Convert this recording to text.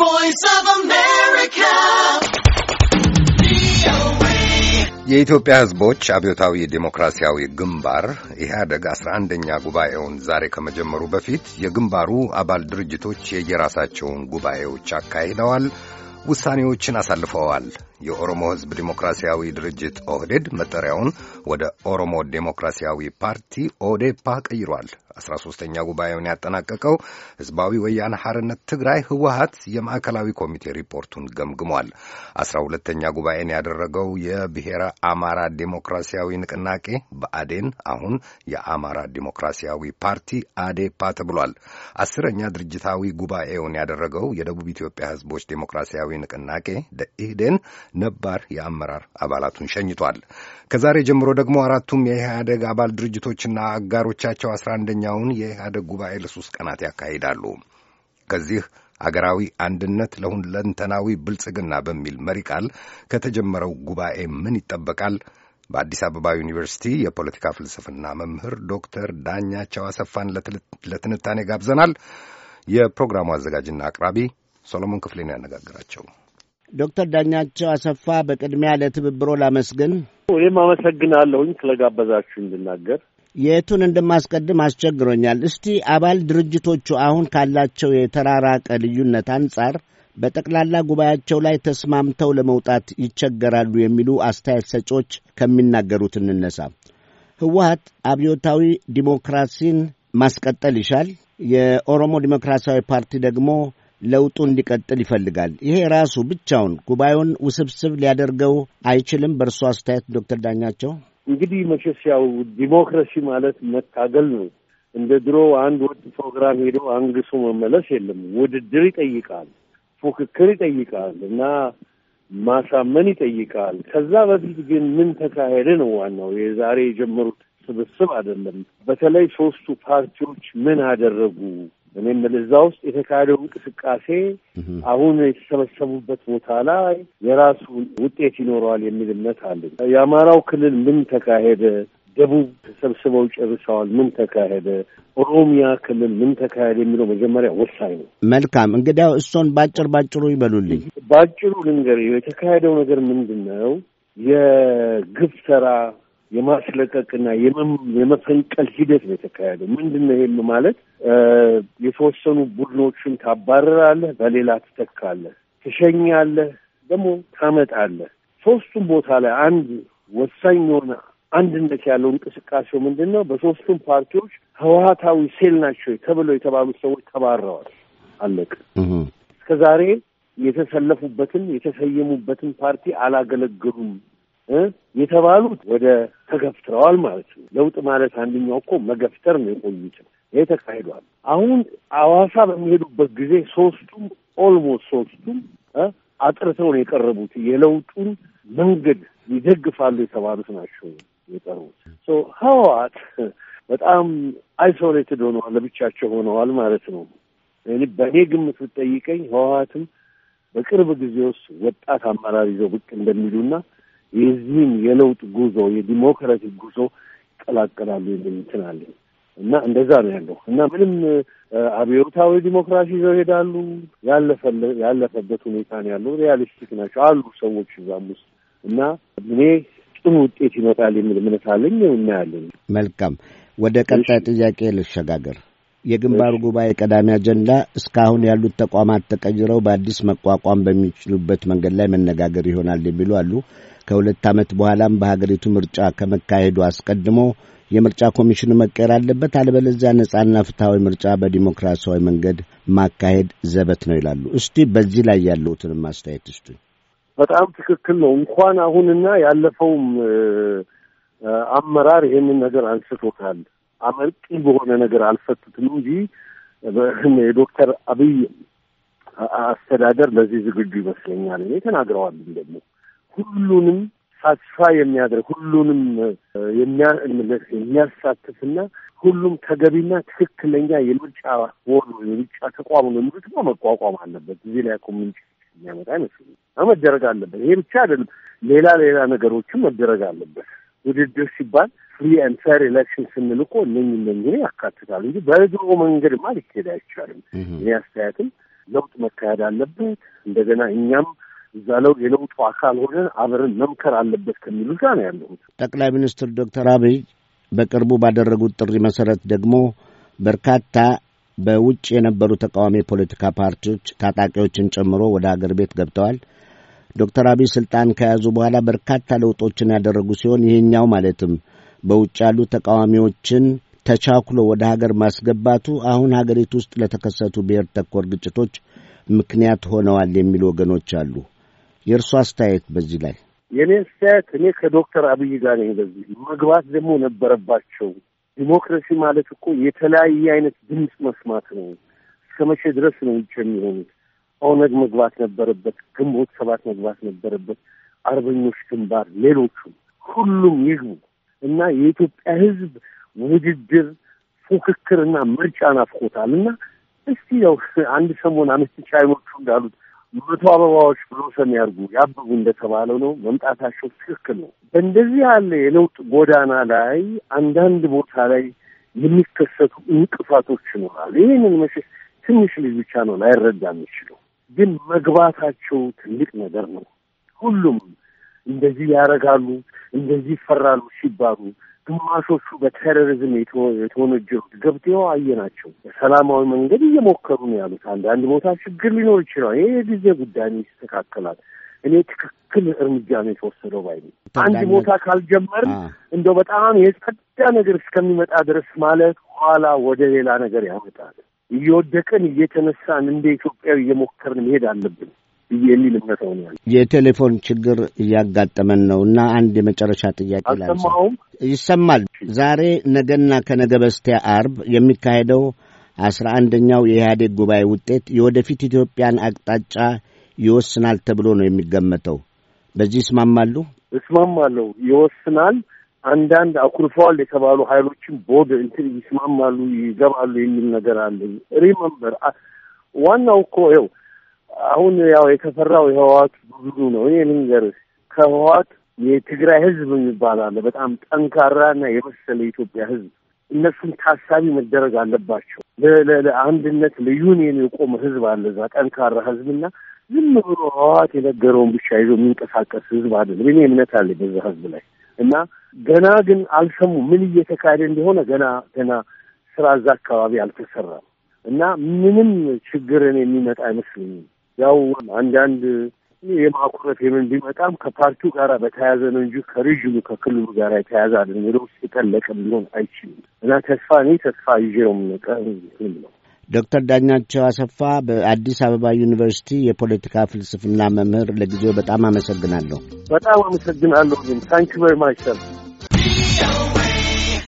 voice of የኢትዮጵያ ሕዝቦች አብዮታዊ ዴሞክራሲያዊ ግንባር ኢህአደግ አስራ አንደኛ ጉባኤውን ዛሬ ከመጀመሩ በፊት የግንባሩ አባል ድርጅቶች የየራሳቸውን ጉባኤዎች አካሂደዋል። ውሳኔዎችን አሳልፈዋል። የኦሮሞ ሕዝብ ዲሞክራሲያዊ ድርጅት ኦህዴድ መጠሪያውን ወደ ኦሮሞ ዴሞክራሲያዊ ፓርቲ ኦዴፓ ቀይሯል። አስራ ሦስተኛ ጉባኤውን ያጠናቀቀው ሕዝባዊ ወያነ ሐርነት ትግራይ ህወሀት የማዕከላዊ ኮሚቴ ሪፖርቱን ገምግሟል። አስራ ሁለተኛ ጉባኤን ያደረገው የብሔረ አማራ ዴሞክራሲያዊ ንቅናቄ በአዴን አሁን የአማራ ዴሞክራሲያዊ ፓርቲ አዴፓ ተብሏል። አስረኛ ድርጅታዊ ጉባኤውን ያደረገው የደቡብ ኢትዮጵያ ሕዝቦች ዴሞክራሲያዊ ዲሞክራሲያዊ ንቅናቄ ደኢህዴን ነባር የአመራር አባላቱን ሸኝቷል። ከዛሬ ጀምሮ ደግሞ አራቱም የኢህአደግ አባል ድርጅቶችና አጋሮቻቸው አስራ አንደኛውን የኢህአደግ ጉባኤ ለሶስት ቀናት ያካሂዳሉ። ከዚህ አገራዊ አንድነት ለሁለንተናዊ ብልጽግና በሚል መሪ ቃል ከተጀመረው ጉባኤ ምን ይጠበቃል? በአዲስ አበባ ዩኒቨርሲቲ የፖለቲካ ፍልስፍና መምህር ዶክተር ዳኛቸው አሰፋን ለትንታኔ ጋብዘናል። የፕሮግራሙ አዘጋጅና አቅራቢ ሰሎሞን ክፍሌ ነው ያነጋግራቸው። ዶክተር ዳኛቸው አሰፋ በቅድሚያ ለትብብሮ ላመስግን። እኔም አመሰግናለሁኝ ስለጋበዛችሁ እንድናገር። የቱን እንደማስቀድም አስቸግሮኛል። እስቲ አባል ድርጅቶቹ አሁን ካላቸው የተራራቀ ልዩነት አንጻር በጠቅላላ ጉባኤያቸው ላይ ተስማምተው ለመውጣት ይቸገራሉ የሚሉ አስተያየት ሰጪዎች ከሚናገሩት እንነሳ። ህወሀት አብዮታዊ ዲሞክራሲን ማስቀጠል ይሻል። የኦሮሞ ዲሞክራሲያዊ ፓርቲ ደግሞ ለውጡ እንዲቀጥል ይፈልጋል። ይሄ ራሱ ብቻውን ጉባኤውን ውስብስብ ሊያደርገው አይችልም። በእርሱ አስተያየት ዶክተር ዳኛቸው እንግዲህ መቼስ ያው ዲሞክራሲ ማለት መታገል ነው። እንደ ድሮ አንድ ወጥ ፕሮግራም ሄዶ አንግሱ መመለስ የለም። ውድድር ይጠይቃል፣ ፉክክር ይጠይቃል እና ማሳመን ይጠይቃል። ከዛ በፊት ግን ምን ተካሄደ ነው ዋናው። የዛሬ የጀመሩት ስብስብ አይደለም። በተለይ ሶስቱ ፓርቲዎች ምን አደረጉ እኔም እዛ ውስጥ የተካሄደው እንቅስቃሴ አሁን የተሰበሰቡበት ቦታ ላይ የራሱ ውጤት ይኖረዋል የሚል እምነት አለኝ። የአማራው ክልል ምን ተካሄደ? ደቡብ ተሰብስበው ጨርሰዋል። ምን ተካሄደ? ኦሮሚያ ክልል ምን ተካሄደ? የሚለው መጀመሪያ ወሳኝ ነው። መልካም እንግዲያው እሱን ባጭር ባጭሩ ይበሉልኝ። ባጭሩ ልንገር፣ የተካሄደው ነገር ምንድን ነው? የግብ ሰራ የማስለቀቅና የመፈንቀል ሂደት ነው የተካሄደው። ምንድን ነው ይህም ማለት የተወሰኑ ቡድኖችን ታባረራለህ፣ በሌላ ትተካለህ፣ ትሸኛለህ፣ ደግሞ ታመጣለህ። ሶስቱም ቦታ ላይ አንድ ወሳኝ የሆነ አንድነት ያለው እንቅስቃሴው ምንድን ነው? በሶስቱም ፓርቲዎች ህወሀታዊ ሴል ናቸው ተብለው የተባሉት ሰዎች ተባረዋል። አለቅ እስከ ዛሬ የተሰለፉበትን የተሰየሙበትን ፓርቲ አላገለገሉም የተባሉት ወደ ተገፍትረዋል ማለት ነው። ለውጥ ማለት አንደኛው እኮ መገፍተር ነው። የቆዩትን ይህ ተካሂዷል። አሁን አዋሳ በሚሄዱበት ጊዜ ሶስቱም ኦልሞስት ሶስቱም አጥርተው ነው የቀረቡት። የለውጡን መንገድ ይደግፋሉ የተባሉት ናቸው የቀሩት። ህወሓት በጣም አይሶሌትድ ሆነዋል፣ ለብቻቸው ሆነዋል ማለት ነው። በእኔ ግምት ብትጠይቀኝ ህወሓትም በቅርብ ጊዜ ውስጥ ወጣት አመራር ይዘው ብቅ እንደሚሉና የዚህን የለውጥ ጉዞ የዲሞክራሲ ጉዞ ይቀላቀላሉ የሚል እና እንደዛ ነው ያለው እና ምንም አብዮታዊ ዲሞክራሲ ይዘው ይሄዳሉ ያለፈበት ሁኔታ ነው ያለው። ሪያሊስቲክ ናቸው አሉ ሰዎች እዛም ውስጥ እና እኔ ጥሩ ውጤት ይመጣል የሚል እምነት አለኝ። እናያለን። መልካም። ወደ ቀጣይ ጥያቄ ልሸጋገር። የግንባሩ ጉባኤ ቀዳሚ አጀንዳ እስካሁን ያሉት ተቋማት ተቀይረው በአዲስ መቋቋም በሚችሉበት መንገድ ላይ መነጋገር ይሆናል የሚሉ አሉ። ከሁለት ዓመት በኋላም በሀገሪቱ ምርጫ ከመካሄዱ አስቀድሞ የምርጫ ኮሚሽኑ መቀየር አለበት፣ አለበለዚያ ነጻና ፍትሐዊ ምርጫ በዲሞክራሲያዊ መንገድ ማካሄድ ዘበት ነው ይላሉ። እስቲ በዚህ ላይ ያለውትን ማስተያየት እስቱ። በጣም ትክክል ነው። እንኳን አሁንና ያለፈውም አመራር ይሄንን ነገር አንስቶታል። አመርቂ በሆነ ነገር አልፈቱትም እንጂ የዶክተር አብይ አስተዳደር ለዚህ ዝግጁ ይመስለኛል። እኔ ተናግረዋል ደግሞ ሁሉንም ሳትፋ የሚያደርግ ሁሉንም የሚያሳትፍና ሁሉም ተገቢና ትክክለኛ የምርጫ ቦርዱ የምርጫ ተቋሙ ነው የሚሉት ነው መቋቋም አለበት። እዚህ ላይ እኮ የሚያመጣ አይመስለኝም። መደረግ አለበት። ይሄ ብቻ አይደለም፣ ሌላ ሌላ ነገሮችም መደረግ አለበት። ውድድር ሲባል ፍሪ ኤንድ ፌር ኤሌክሽን ስንል እኮ እነኝ እነኝህ ያካትታሉ እንጂ በድሮ መንገድማ ሊካሄድ አይቻልም። እኔ አስተያየትም ለውጥ መካሄድ አለበት። እንደገና እኛም እዛ ለው የለውጡ አካል ሆነ አብረን መምከር አለበት ከሚሉ ጋር ነው ያለሁት። ጠቅላይ ሚኒስትር ዶክተር አብይ በቅርቡ ባደረጉት ጥሪ መሰረት ደግሞ በርካታ በውጭ የነበሩ ተቃዋሚ የፖለቲካ ፓርቲዎች ታጣቂዎችን ጨምሮ ወደ አገር ቤት ገብተዋል። ዶክተር አብይ ስልጣን ከያዙ በኋላ በርካታ ለውጦችን ያደረጉ ሲሆን ይህኛው ማለትም በውጭ ያሉ ተቃዋሚዎችን ተቻኩሎ ወደ ሀገር ማስገባቱ አሁን ሀገሪቱ ውስጥ ለተከሰቱ ብሔር ተኮር ግጭቶች ምክንያት ሆነዋል የሚሉ ወገኖች አሉ። የእርሱ አስተያየት በዚህ ላይ? የእኔ አስተያየት እኔ ከዶክተር አብይ ጋር ነኝ። በዚህ መግባት ደግሞ ነበረባቸው። ዲሞክራሲ ማለት እኮ የተለያየ አይነት ድምፅ መስማት ነው። እስከ መቼ ድረስ ነው ውጭ የሚሆኑት? ኦነግ መግባት ነበረበት፣ ግንቦት ሰባት መግባት ነበረበት፣ አርበኞች ግንባር፣ ሌሎቹም ሁሉም ይግቡ እና የኢትዮጵያ ሕዝብ ውድድር ፉክክርና ምርጫ ናፍቆታል እና እስቲ ያው አንድ ሰሞን አምስት ቻይኖቹ እንዳሉት መቶ አበባዎች ብሎ ሰሚ ያርጉ ያብቡ እንደተባለው ነው። መምጣታቸው ትክክል ነው። በእንደዚህ ያለ የለውጥ ጎዳና ላይ አንዳንድ ቦታ ላይ የሚከሰቱ እንቅፋቶች ይኖራሉ። ይህንን መቼ ትንሽ ልጅ ብቻ ነው ላይረዳ የሚችለው፣ ግን መግባታቸው ትልቅ ነገር ነው። ሁሉም እንደዚህ ያደርጋሉ እንደዚህ ይፈራሉ ሲባሉ ግማሾቹ በቴሮሪዝም የተወነጀሉት ገብተው አየናቸው። በሰላማዊ መንገድ እየሞከሩ ነው ያሉት። አንዳንድ ቦታ ችግር ሊኖር ይችላል። ይህ የጊዜ ጉዳይ ነው፣ ይስተካከላል። እኔ ትክክል እርምጃ ነው የተወሰደው ባይ አንድ ቦታ ካልጀመር እንደው በጣም የጸዳ ነገር እስከሚመጣ ድረስ ማለት ኋላ ወደ ሌላ ነገር ያመጣል። እየወደቀን እየተነሳን እንደ ኢትዮጵያዊ እየሞከርን መሄድ አለብን። የሚል እምነት ሆኗል። የቴሌፎን ችግር እያጋጠመን ነው እና አንድ የመጨረሻ ጥያቄ ላ ይሰማል። ዛሬ ነገና ከነገ በስቲያ አርብ የሚካሄደው አስራ አንደኛው የኢህአዴግ ጉባኤ ውጤት የወደፊት ኢትዮጵያን አቅጣጫ ይወስናል ተብሎ ነው የሚገመተው። በዚህ ይስማማሉ? እስማማለሁ። ይወስናል አንዳንድ አኩርፈዋል የተባሉ ሀይሎችን ቦድ እንትን ይስማማሉ፣ ይገባሉ የሚል ነገር አለ። ሪመምበር ዋናው እኮ ይኸው አሁን ያው የተፈራው የህዋት ብዙ ነው። እኔ ልንገርህ ከህወሓት የትግራይ ህዝብ የሚባል አለ። በጣም ጠንካራና የመሰለ የኢትዮጵያ ህዝብ እነሱን ታሳቢ መደረግ አለባቸው። ለአንድነት ለዩኒየን የቆመ ህዝብ አለ እዛ ጠንካራ ህዝብና ዝም ብሎ ህወሓት የነገረውን ብቻ ይዞ የሚንቀሳቀስ ህዝብ አይደለም። እኔ እምነት አለ በዛ ህዝብ ላይ እና ገና ግን አልሰሙ ምን እየተካሄደ እንደሆነ ገና ገና ስራ እዛ አካባቢ አልተሰራም እና ምንም ችግርን የሚመጣ አይመስለኝም። ያው አንዳንድ የማኩረት የምን ቢመጣም ከፓርቲው ጋር በተያያዘ ነው እንጂ ከሪዥኑ ከክልሉ ጋር የተያያዘ አለ ወደ የጠለቀ ሊሆን አይችልም እና ተስፋ እኔ ተስፋ ይዤ ነው የምነቀው ነው። ዶክተር ዳኛቸው አሰፋ በአዲስ አበባ ዩኒቨርሲቲ የፖለቲካ ፍልስፍና መምህር፣ ለጊዜው በጣም አመሰግናለሁ። በጣም አመሰግናለሁ። ግን ታንኪ ቨሪ ማች ሰር